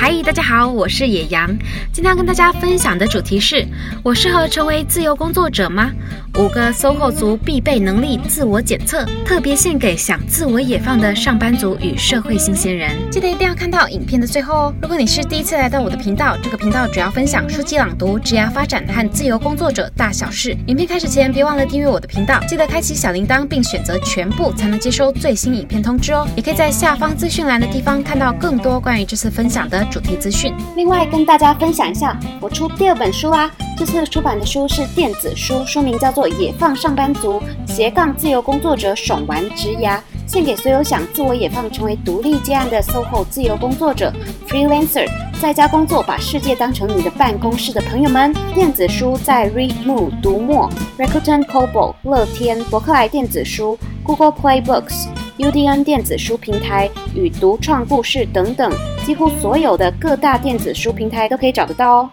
嗨，Hi, 大家好，我是野羊。今天要跟大家分享的主題是：我適合成為自由工作者嗎？五個 SOHO 族必備能力自我檢測，特別獻給想自我野放的上班族與社會新鮮人。記得一定要看到影片的最後哦。如果你是第一次來到我的頻道，這個頻道主要分享書籍朗讀、職業發展和自由工作者大小事。影片開始前，別忘了訂閱我的頻道，記得開啟小鈴鐺並選擇全部，才能接收最新影片通知哦。也可以在下方資訊欄的地方看到更多關於這次分享的。主題資訊。另外，跟大家分享一下，我出第二本書啦。這次出版的書是電子書，書名叫做《野放上班族斜槓自由工作者爽玩職涯》，獻給所有想自我野放，成為獨立接案的 SOHO 自由工作者 （freelancer） 在家工作，把世界當成你的辦公室的朋友們。電子書在 Readmoo 讀墨、Rakuten Kobo、樂天、博客來電子書、Google Play Books。UDN 電子書平台與獨創故事等等，幾乎所有的各大電子書平台都可以找得到哦。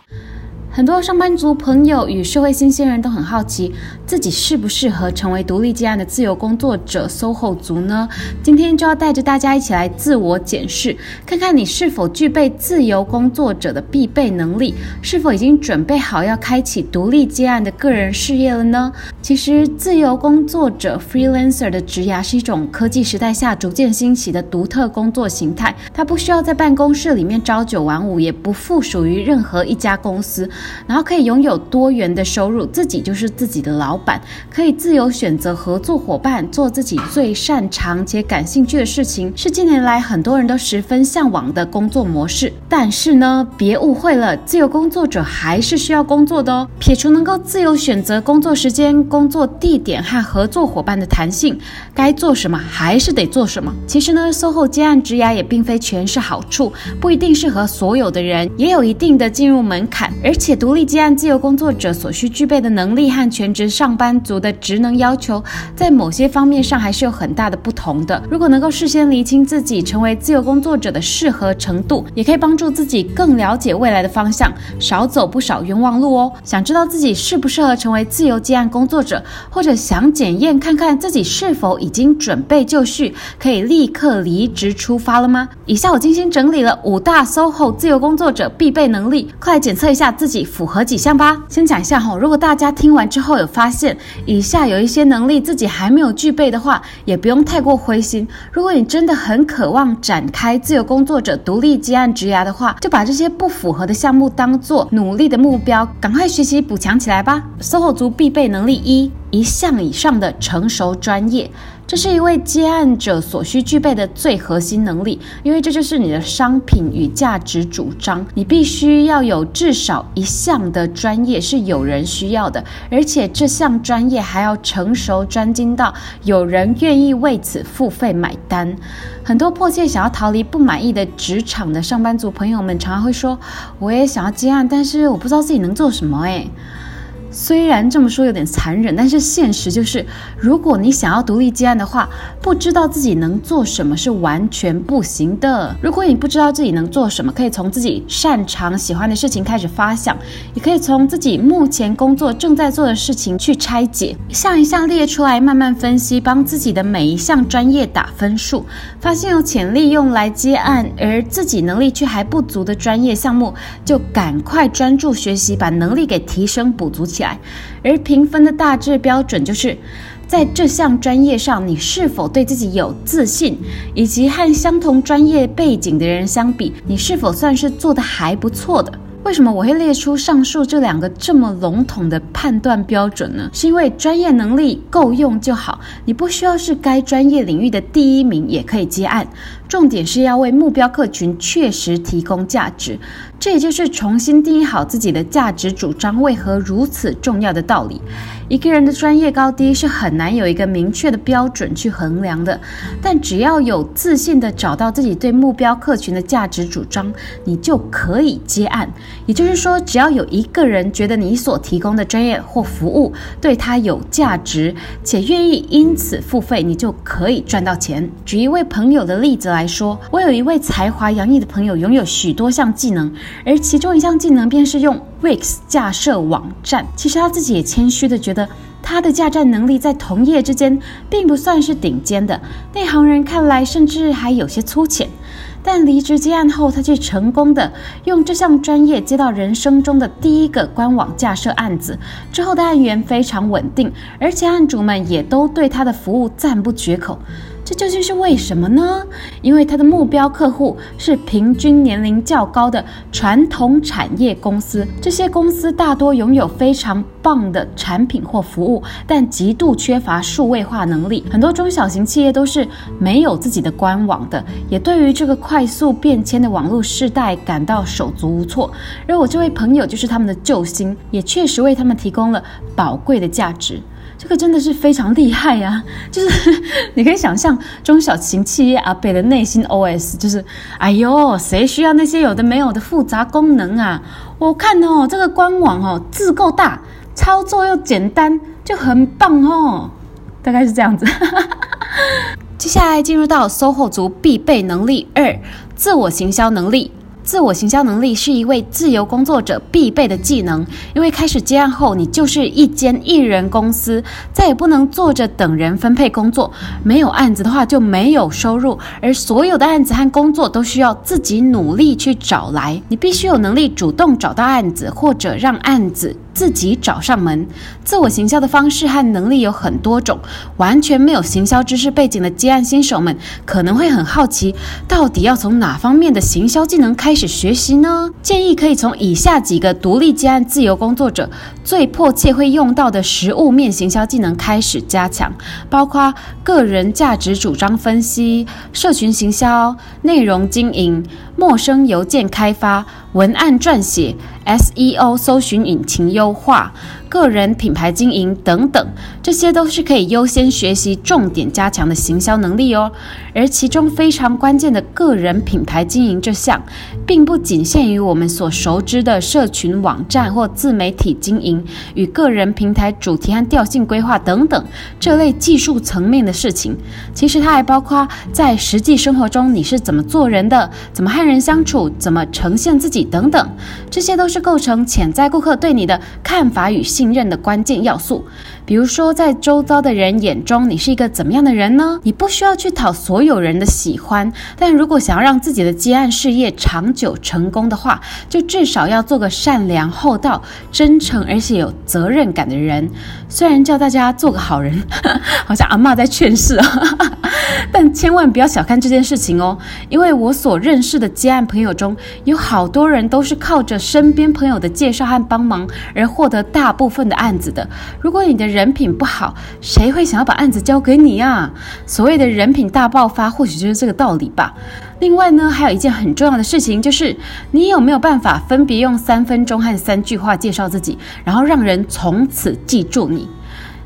很多上班族朋友與社會新鮮人都很好奇，自己適不適合成為獨立接案的自由工作者 SOHO 族呢？今天就要帶着大家一起來自我檢視，看看你是否具備自由工作者的必備能力，是否已經準備好要開啟獨立接案的個人事業了呢？其實，自由工作者 （freelancer） 的職涯是一種科技時代下逐漸興起的獨特工作形態，它不需要在辦公室裡面朝九晚五，也不附屬於任何一家公司。然後可以擁有多元的收入，自己就是自己的老闆，可以自由選擇合作夥伴，做自己最擅長且感興趣的事情，是近年來很多人都十分向往的工作模式。但是呢，別誤會了，自由工作者還是需要工作的哦。撇除能夠自由選擇工作時間、工作地點和合作夥伴的彈性，該做什麼還是得做什麼。其實呢，SOHO 接案職涯也並非全是好處，不一定適合所有的人，也有一定的進入門檻，而且。獨立接案自由工作者所需具備的能力和全職上班族的職能要求，在某些方面上還是有很大的不同的。如果能夠事先釐清自己成為自由工作者的適合程度，也可以幫助自己更了解未來的方向，少走不少冤枉路哦。想知道自己適不適合成為自由接案工作者，或者想檢驗看看自己是否已經準備就緒，可以立刻離職出發了嗎？以下我精心整理了五大 SOHO 自由工作者必備能力，快來檢測一下自己。符合幾項吧？先講一下哈，如果大家聽完之後有發現以下有一些能力自己還沒有具備的話，也不用太過灰心。如果你真的很渴望展開自由工作者獨立接案職涯的話，就把這些不符合的項目當做努力的目標，趕快學習補強起來吧。SOHO 族必備能力一。一項以上的成熟專業，這是一位接案者所需具備的最核心能力，因為這就是你的商品與價值主張。你必須要有至少一項的專業是有人需要的，而且這項專業還要成熟專精到有人願意為此付費買單。很多迫切想要逃離不滿意的職場的上班族朋友們，常常會說：“我也想要接案，但是我不知道自己能做什麼、欸。”誒。雖然這麼說有點殘忍，但是現實就是，如果你想要獨立接案的話，不知道自己能做什麼是完全不行的。如果你不知道自己能做什麼，可以從自己擅長、喜歡的事情開始發想，也可以從自己目前工作正在做的事情去拆解，像一項一項列出來，慢慢分析，幫自己的每一項專業打分數，發現有潛力用來接案，而自己能力卻還不足的專業項目，就趕快專注學習，把能力給提升，補足起來。而評分的大致標準就是，在這項專業上，你是否對自己有自信，以及和相同專業背景的人相比，你是否算是做得還不錯的？為什麼我會列出上述這兩個這麼籠統的判斷標準呢？是因為專業能力夠用就好，你不需要是該專業領域的第一名也可以接案。重點是要為目標客群確實提供價值，這也就是重新定義好自己的價值主張為何如此重要的道理。一個人的專業高低是很難有一個明確的標準去衡量的，但只要有自信的找到自己對目標客群的價值主張，你就可以接案。也就是說，只要有一個人覺得你所提供的專業或服務對他有價值，且願意因此付費，你就可以賺到錢。舉一位朋友的例子來說，我有一位才華洋溢的朋友，擁有許多項技能，而其中一項技能便是用 Wix 架設網站。其實他自己也謙虛的覺得，他的架站能力在同業之間並不算是頂尖的，內行人看來甚至還有些粗淺。但離職接案後，他卻成功地用這項專業接到人生中的第一個官網架設案子。之後的案源非常穩定，而且案主們也都對他的服務讚不絕口。這究竟是為什麼呢？因為他的目標客戶是平均年齡較高的傳統產業公司，這些公司大多擁有非常棒的產品或服務，但極度缺乏數位化能力。很多中小型企業都是沒有自己的官網的，也對於這個快速變遷的網絡世代感到手足無措。而我這位朋友就是他們的救星，也確實為他們提供了寶貴的價值。這個真的是非常厲害呀、啊！就是你可以想象中小型企業阿北的內心 OS，就是哎呦，誰需要那些有的沒有的複雜功能啊？我看哦，這個官網哦字夠大，操作又簡單，就很棒哦。大概是這樣子。 接下來進入到 SOHO 族必備能力二：自我行銷能力。自我行銷能力是一位自由工作者必備的技能，因為開始接案後，你就是一間一人公司，再也不能坐着等人分配工作。沒有案子的話，就沒有收入，而所有的案子和工作都需要自己努力去找來。你必須有能力主動找到案子，或者讓案子自己找上門，自我行銷的方式和能力有很多種。完全沒有行銷知識背景的接案新手們可能會很好奇，到底要從哪方面的行銷技能開始學習呢？建議可以從以下幾個獨立接案自由工作者最迫切會用到的實務面行銷技能開始加強，包括個人價值主張分析、社群行銷、內容經營、陌生郵件開發、文案撰寫，SEO 搜尋引擎優化、個人品牌經營等等，這些都是可以優先學習、重點加強的行銷能力哦。而其中非常關鍵的個人品牌經營這項，並不僅限於我們所熟知的社群網站或自媒體經營與個人平台主題和調性規劃等等這類技術層面的事情。其實它還包括在實際生活中，你是怎麼做人的、怎麼和人相處、怎麼呈現自己等等，這些都是構成潛在顧客對你的看法與信任的關鍵要素。比如說，在周遭的人眼中，你是一個怎麼樣的人呢？你不需要去討所有人的喜歡，但如果想要讓自己的接案事業長久成功的話，就至少要做個善良、厚道、真誠而且有責任感的人。雖然叫大家做個好人，好像阿嬤在勸世哦、啊，但千萬不要小看這件事情哦，因為我所認識的接案朋友中有好多人都是靠着身邊朋友的介紹和幫忙而獲得大部分的案子的。如果你的人品不好，誰會想要把案子交給你啊？所謂的人品大爆發，或許就是這個道理吧。另外呢，還有一件很重要的事情，就是你有沒有辦法分別用三分鐘和三句話介紹自己，然後讓人從此記住你？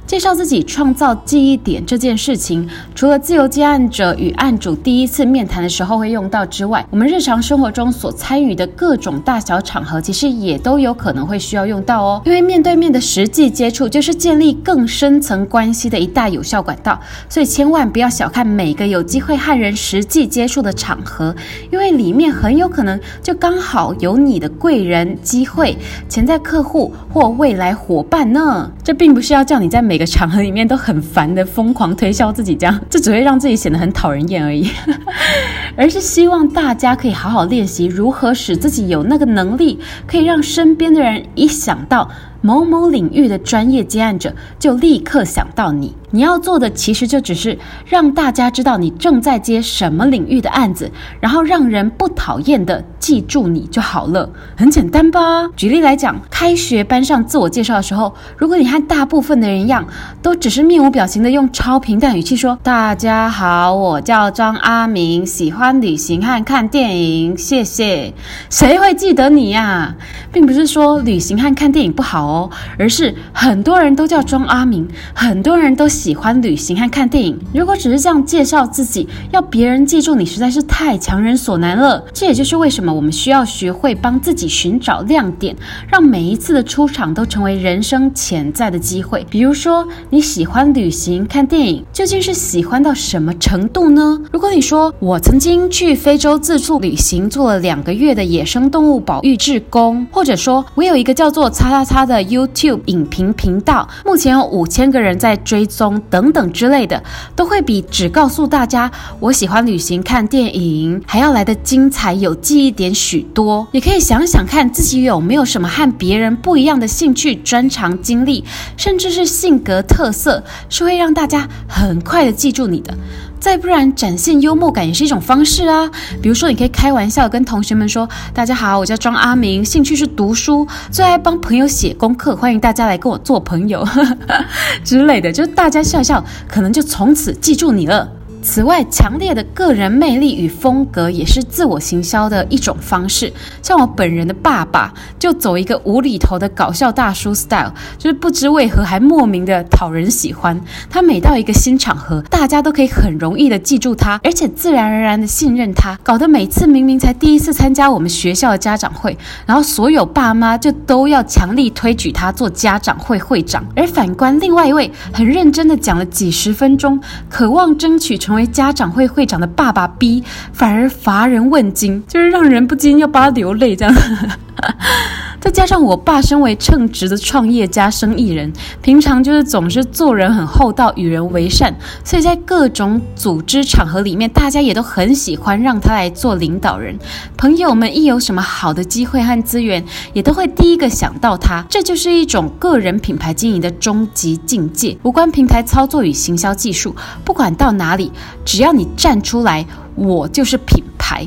介紹自己創造記憶點這件事情，除了自由接案者與案主第一次面談的時候會用到之外，我們日常生活中所參與的各種大小場合，其實也都有可能會需要用到哦。因為面對面的實際接觸，就是建立更深層關係的一大有效管道，所以千萬不要小看每個有機會和人實際接觸的場合，因為裡面很有可能就剛好有你的貴人、機會、潛在客戶或未來夥伴呢。這並不是要叫你在每的場合裡面都很煩的瘋狂推銷自己，這樣這只會讓自己顯得很討人厭而已。 而是希望大家可以好好練習，如何使自己有那個能力，可以讓身邊的人一想到，某某領域的專業接案者就立刻想到你，你要做的其實就只是讓大家知道你正在接什麼領域的案子，然後讓人不討厭的記住你就好了，很簡單吧？舉例來講，開學班上自我介紹的時候，如果你和大部分的人一樣，都只是面無表情的用超平淡語氣說：“大家好，我叫張阿明，喜歡旅行和看電影，謝謝。”誰會記得你呀？並不是說旅行和看電影不好。哦，而是很多人都叫莊阿明，很多人都喜歡旅行和看電影。如果只是這樣介紹自己，要別人記住你實在是太強人所難了。這也就是為什麼我們需要學會幫自己尋找亮點，讓每一次的出場都成為人生潛在的機會。比如說你喜歡旅行、看電影，究竟是喜歡到什麼程度呢？如果你說，我曾經去非洲自助旅行，做了兩個月的野生動物保育志工，或者說，我有一個叫做“叉叉叉”的 YouTube 影評頻道目前有五千個人在追蹤，等等之類的，都會比只告訴大家我喜歡旅行、看電影還要來得精彩、有記憶點許多。你可以想想看，自己有沒有什麼和別人不一樣的興趣、專長、經歷，甚至是性格特色，是會讓大家很快的記住你的。再不然，展現幽默感也是一種方式啊。比如說，你可以開玩笑跟同學們說：“大家好，我叫莊阿明，興趣是讀書，最愛幫朋友寫功課，歡迎大家來跟我做朋友，呵呵”之類的，就是、大家笑笑，可能就從此記住你了。此外，強烈的個人魅力與風格也是自我行銷的一種方式。像我本人的爸爸，就走一個無厘頭的搞笑大叔 style，就是不知為何還莫名的討人喜歡。他每到一個新場合，大家都可以很容易的記住他，而且自然而然的信任他，搞得每次明明才第一次參加我們學校的家長會，然後所有爸媽就都要強力推舉他做家長會會長。而反觀另外一位，很認真的講了幾十分鐘，渴望爭取成成為家長會會長的爸爸逼，反而乏人問津，就是讓人不禁要幫他流淚，這樣。 再加上我爸身為稱職的創業家、生意人，平常就是總是做人很厚道、與人為善，所以在各種組織場合裡面，大家也都很喜歡讓他來做領導人。朋友們一有什麼好的機會和資源，也都會第一個想到他。這就是一種個人品牌經營的終極境界，無關平台操作與行銷技術，不管到哪裡，只要你站出來，我就是品牌，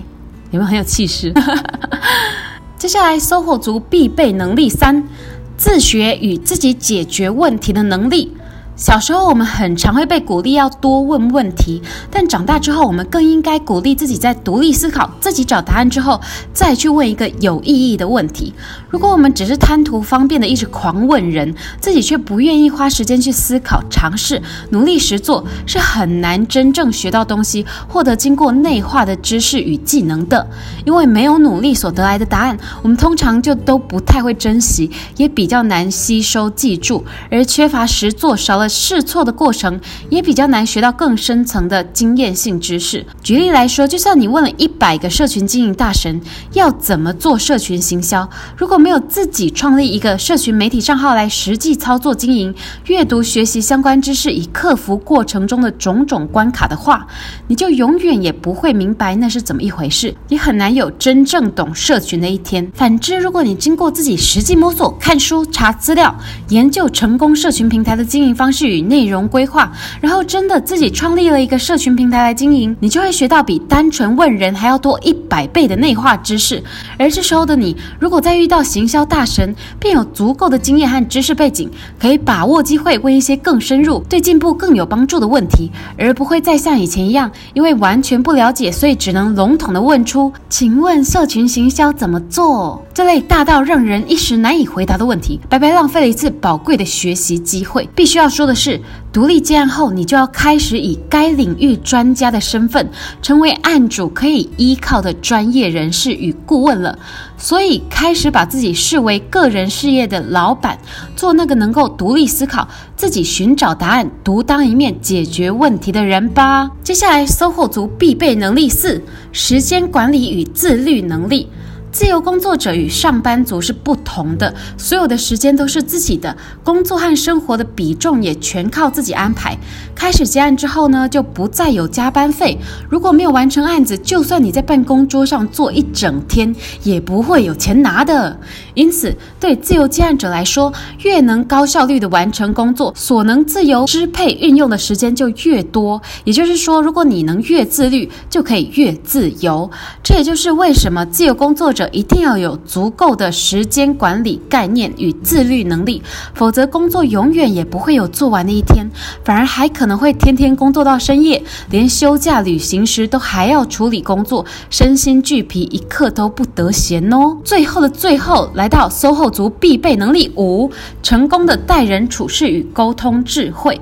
有沒有很有氣勢？ 接下來，SOHO 族必備能力三：自學與自己解決問題的能力。小時候我們很常會被鼓勵要多問問題，但長大之後我們更應該鼓勵自己在獨立思考、自己找答案之後，再去問一個有意義的問題。如果我們只是貪圖方便的一直狂問人，自己卻不願意花時間去思考、嘗試、努力實做，是很難真正學到東西、獲得經過內化的知識與技能的。因為沒有努力所得來的答案，我們通常就都不太會珍惜，也比較難吸收、記住，而缺乏實做、少了。試錯的過程也比較難學到更深層的經驗性知識。舉例來說，就算你問了一百個社群經營大神要怎麼做社群行銷，如果沒有自己創立一個社群媒體賬號來實際操作經營，閱讀學習相關知識以克服過程中的種種關卡的話，你就永遠也不會明白那是怎麼一回事，也很難有真正懂社群的一天。反之，如果你經過自己實際摸索、看書、查資料、研究成功社群平台的經營方式，是與內容規劃，然後真的自己創立了一個社群平台來經營，你就會學到比單純問人還要多一百倍的內化知識。而這時候的你，如果再遇到行銷大神，並有足夠的經驗和知識背景，可以把握機會問一些更深入、對進步更有幫助的問題，而不會再像以前一樣，因為完全不了解，所以只能籠統的問出“請問社群行銷怎麼做”這類大到讓人一時難以回答的問題，白白浪費了一次寶貴的學習機會。必須要說。說的是獨立接案後，你就要開始以該領域專家的身份，成為案主可以依靠的專業人士與顧問了。所以，開始把自己視為個人事業的老闆，做那個能夠獨立思考、自己尋找答案、獨當一面解決問題的人吧。接下來，SOHO 族必備能力四：時間管理與自律能力。自由工作者與上班族是不同的，所有的時間都是自己的，工作和生活的比重也全靠自己安排。開始接案之後呢，就不再有加班費。如果沒有完成案子，就算你在辦公桌上坐一整天，也不會有錢拿的。因此，對自由接案者來說，越能高效率的完成工作，所能自由支配運用的時間就越多。也就是說，如果你能越自律，就可以越自由。這也就是為什麼自由工作者，一定要有足夠的時間管理概念與自律能力，否則工作永遠也不會有做完的一天，反而還可能會天天工作到深夜，連休假旅行時都還要處理工作，身心俱疲，一刻都不得閒哦。最後的最後，來到 SOHO 族必備能力五：成功的待人處事與溝通智慧。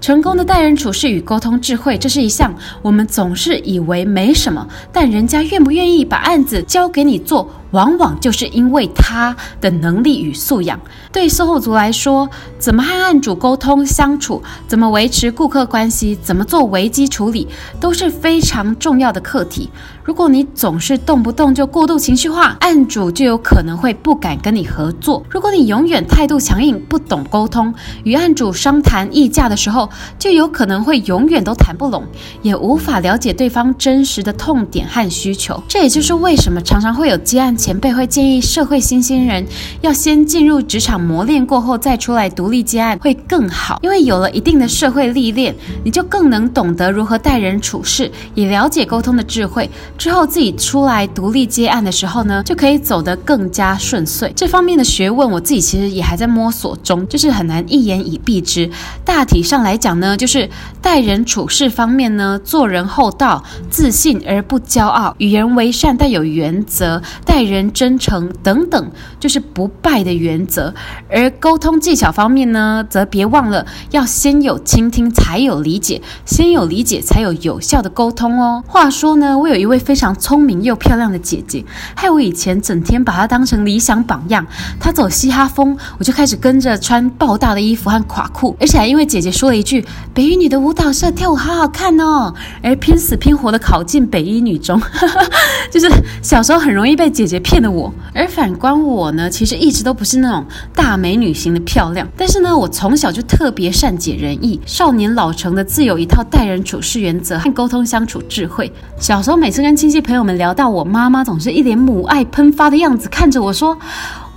成功的待人處事與溝通智慧，這是一項我們總是以為沒什麼，但人家願不願意把案子交給你做。往往就是因為他的能力與素養。對 SOHO 族來說，怎麼和案主溝通相處，怎麼維持顧客關係，怎麼做危機處理，都是非常重要的課題。如果你總是動不動就過度情緒化，案主就有可能會不敢跟你合作。如果你永遠態度強硬，不懂溝通，與案主商談議價的時候，就有可能會永遠都談不攏，也無法了解對方真實的痛點和需求。這也就是為什麼常常會有接案。前輩會建議社會新鮮人要先進入職場磨練過後再出來獨立接案會更好，因為有了一定的社會歷練，你就更能懂得如何待人處事，也了解溝通的智慧。之後自己出來獨立接案的時候呢，就可以走得更加順遂。這方面的學問，我自己其實也還在摸索中，就是很難一言以蔽之。大體上來講呢，就是待人處事方面呢，做人厚道、自信而不驕傲，與人為善，但有原則，待。人真誠等等，就是不敗的原則。而溝通技巧方面呢，則別忘了要先有傾聽，才有理解；先有理解，才有有效的溝通哦。話說呢，我有一位非常聰明又漂亮的姐姐，害我以前整天把她當成理想榜樣。她走嘻哈風，我就開始跟着穿爆大的衣服和垮褲，而且還因為姐姐說了一句“北一女的舞蹈社跳舞好好看哦”，而拼死拼活的考進北一女中，呵呵，就是小時候很容易被姐姐，騙了我，而反觀我呢，其實一直都不是那種大美女型的漂亮，但是呢，我從小就特別善解人意，少年老成的自有一套待人處事原則和溝通相處智慧。小時候每次跟親戚朋友們聊到我媽媽，媽媽總是一臉母愛噴發的樣子，看着我說。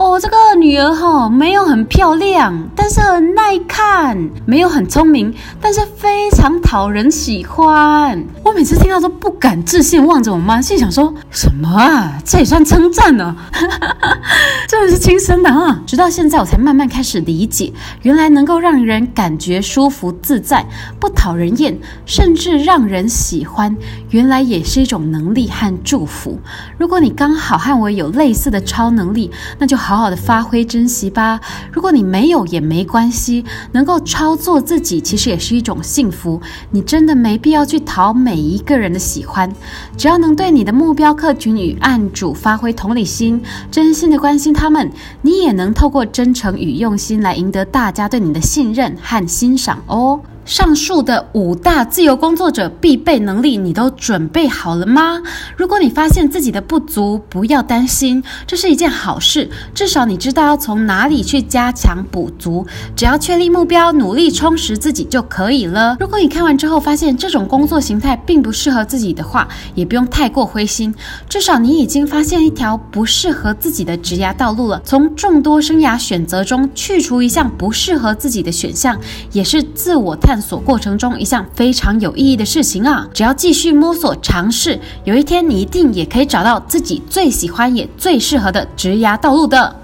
我、哦、這個女兒哈、哦，沒有很漂亮，但是很耐看；沒有很聰明，但是非常討人喜歡。我每次聽到都不敢置信，望着我媽，心想說什麼啊？這也算稱讚呢？真的是親生的啊！ 啊，直到現在，我才慢慢開始理解，原來能夠讓人感覺舒服自在、不討人厭，甚至讓人喜歡，原來也是一種能力和祝福。如果你剛好和我有類似的超能力，那就好。好好的發揮，珍惜吧。如果你沒有也沒關係，能夠操作自己其實也是一種幸福。你真的沒必要去討每一個人的喜歡，只要能對你的目標客群與案主發揮同理心，真心的關心他們，你也能透過真誠與用心來贏得大家對你的信任和欣賞哦。上述的五大自由工作者必備能力，你都準備好了嗎？如果你發現自己的不足，不要擔心，這是一件好事，至少你知道要從哪裡去加強補足。只要確立目標，努力充實自己就可以了。如果你看完之後發現這種工作形態並不適合自己的話，也不用太過灰心，至少你已經發現一條不適合自己的職業道路了。從眾多生涯選擇中去除一項不適合自己的選項，也是自我探。探索過程中一項非常有意義的事情啊！只要繼續摸索嘗試，有一天你一定也可以找到自己最喜歡也最適合的職涯道路的。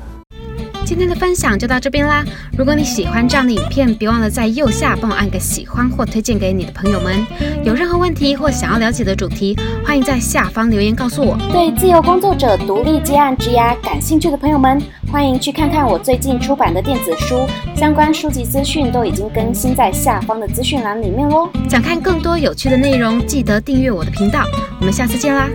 今天的分享就到這邊啦！如果你喜歡這樣的影片，別忘了在右下方按個喜歡或推薦給你的朋友們。有任何問題或想要了解的主題，歡迎在下方留言告訴我。對自由工作者、獨立接案職涯感興趣的朋友們。歡迎去看看我最近出版的電子書，相關書籍資訊都已經更新在下方的資訊欄裡面嘍。想看更多有趣的內容，記得訂閱我的頻道。我們下次見啦！